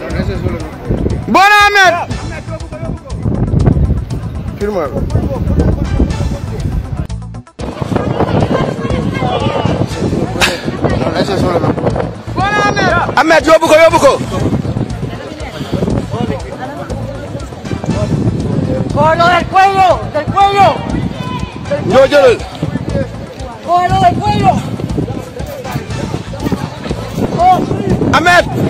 Bon Ahmed filmal Bon Ahmed Ahmed yóbbu ko yóbbu ko Colo del cuello del cuello Yo jëlal Colo del cuello Ahmed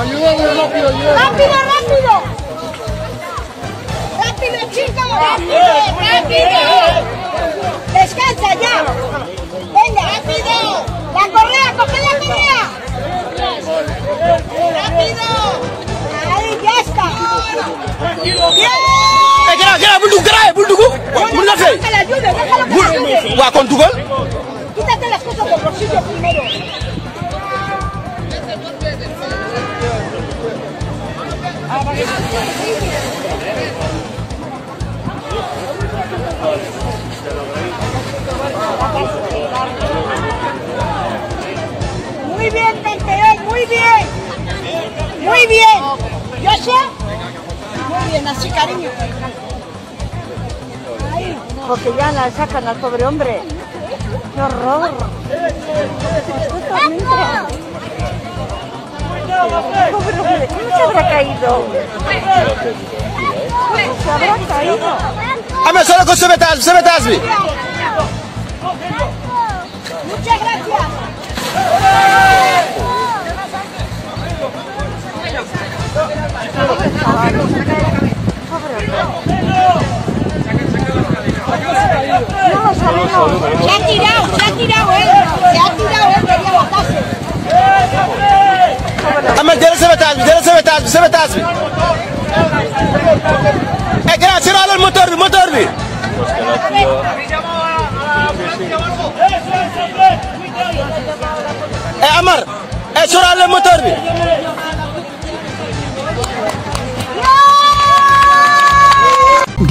Ayúdame rápido, Rápido, rápido. Rápido, chicos. Rápido, rápido. Descansa ya. Venga, rápido. La correa, coge correa. Rápido. Ahí, ya está. Bien. Gérard, Gérard, bul dugg bul dugg. Mun na Muy bien. Porque ya la sacan al pobre hombre. ¡Qué horror! ¡Pobre hombre! se habrá caído? ¿Cómo solo con su metal! Se ha tirado, se ha tirado él, se ha tirado él, quería Amar, eh, siraalal moteur